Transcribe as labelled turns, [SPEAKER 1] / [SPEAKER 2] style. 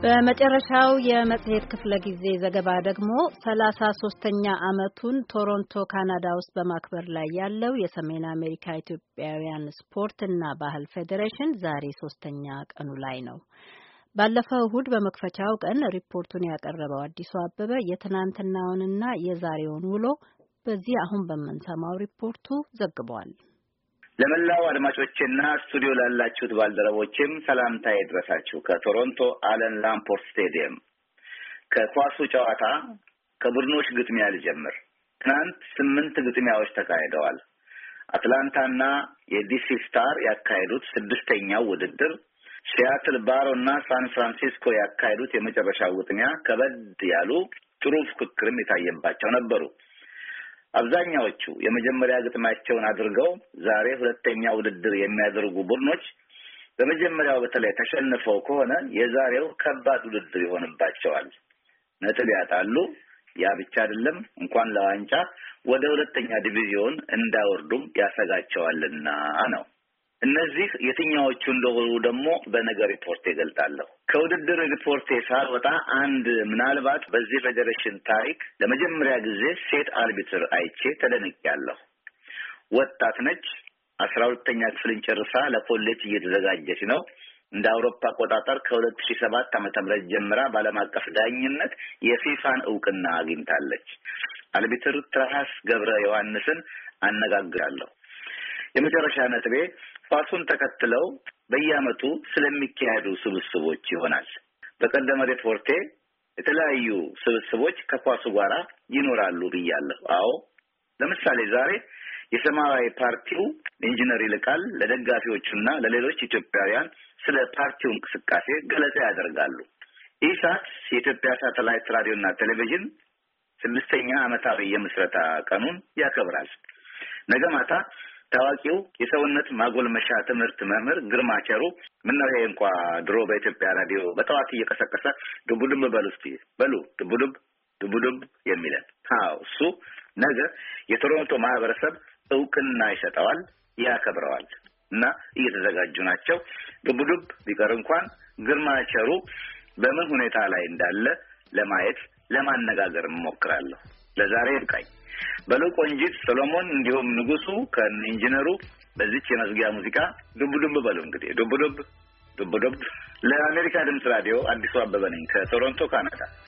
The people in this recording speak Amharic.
[SPEAKER 1] በመጨረሻው የመጽሔት ክፍለ ጊዜ ዘገባ ደግሞ ሰላሳ ሶስተኛ ዓመቱን ቶሮንቶ ካናዳ ውስጥ በማክበር ላይ ያለው የሰሜን አሜሪካ ኢትዮጵያውያን ስፖርት እና ባህል ፌዴሬሽን ዛሬ ሶስተኛ ቀኑ ላይ ነው። ባለፈው እሁድ በመክፈቻው ቀን ሪፖርቱን ያቀረበው አዲሱ አበበ የትናንትናውንና የዛሬውን ውሎ በዚህ አሁን በምንሰማው ሪፖርቱ ዘግቧል።
[SPEAKER 2] ለመላው አድማጮችና ስቱዲዮ ላላችሁት ባልደረቦችም ሰላምታ ይድረሳችሁ። ከቶሮንቶ አለን ላምፖርት ስቴዲየም ከኳሱ ጨዋታ ከቡድኖች ግጥሚያ ልጀምር። ትናንት ስምንት ግጥሚያዎች ተካሂደዋል። አትላንታና የዲሲ ስታር ያካሄዱት ስድስተኛው ውድድር፣ ሲያትል ባሮ እና ሳን ፍራንሲስኮ ያካሄዱት የመጨረሻው ግጥሚያ ከበድ ያሉ ጥሩ ፍክክርም የታየባቸው ነበሩ። አብዛኛዎቹ የመጀመሪያ ግጥማቸውን አድርገው ዛሬ ሁለተኛ ውድድር የሚያደርጉ ቡድኖች በመጀመሪያው በተለይ ተሸንፈው ከሆነ የዛሬው ከባድ ውድድር ይሆንባቸዋል። ነጥብ ያጣሉ። ያ ብቻ አይደለም፣ እንኳን ለዋንጫ ወደ ሁለተኛ ዲቪዚዮን እንዳወርዱም ያሰጋቸዋልና ነው። እነዚህ የትኛዎቹ እንደሆኑ ደግሞ በነገ ሪፖርት ይገልጣለሁ። ከውድድር ሪፖርቴ ሳልወጣ አንድ ምናልባት በዚህ ፌዴሬሽን ታሪክ ለመጀመሪያ ጊዜ ሴት አርቢትር አይቼ ተደንቄያለሁ። ወጣት ነች። አስራ ሁለተኛ ክፍልን ጨርሳ ለኮሌጅ እየተዘጋጀች ነው። እንደ አውሮፓ አቆጣጠር ከሁለት ሺህ ሰባት ዓመተ ምህረት ጀምራ በዓለም አቀፍ ዳኝነት የፊፋን እውቅና አግኝታለች። አልቢትር ትራሃስ ገብረ ዮሐንስን አነጋግራለሁ። የመጨረሻ ነጥቤ ኳሱን ተከትለው በየዓመቱ ስለሚካሄዱ ስብስቦች ይሆናል። በቀደመ ሪፖርቴ የተለያዩ ስብስቦች ከኳሱ ጋራ ይኖራሉ ብያለሁ። አዎ ለምሳሌ ዛሬ የሰማያዊ ፓርቲው ኢንጂነር ይልቃል ለደጋፊዎቹና ለሌሎች ኢትዮጵያውያን ስለ ፓርቲው እንቅስቃሴ ገለጻ ያደርጋሉ። ኢሳት የኢትዮጵያ ሳተላይት ራዲዮና ቴሌቪዥን ስድስተኛ ዓመታዊ የምስረታ ቀኑን ያከብራል። ነገ ማታ ታዋቂው የሰውነት ማጎልመሻ ትምህርት መምህር ግርማ ቸሩ ምነው ይሄ እንኳ ድሮ በኢትዮጵያ ራዲዮ በጠዋት እየቀሰቀሰ ድቡድብ በሉ እስኪ በሉ ድቡድብ ድቡድብ የሚለን እሱ ነገ የቶሮንቶ ማህበረሰብ እውቅና ይሰጠዋል፣ ያከብረዋል እና እየተዘጋጁ ናቸው። ድቡድብ ቢቀር እንኳን ግርማ ቸሩ በምን ሁኔታ ላይ እንዳለ ለማየት ለማነጋገር እሞክራለሁ። ለዛሬ ይብቃኝ። በለው ቆንጂት፣ ሰሎሞን እንዲሁም ንጉሱ ከኢንጂነሩ በዚች የመዝጊያ ሙዚቃ ዱብ ዱብ በሉ እንግዲህ ዱብ ዱብ ዱብ ዱብ። ለአሜሪካ ድምፅ ራዲዮ አዲሱ አበበ ነኝ
[SPEAKER 1] ከቶሮንቶ ካናዳ።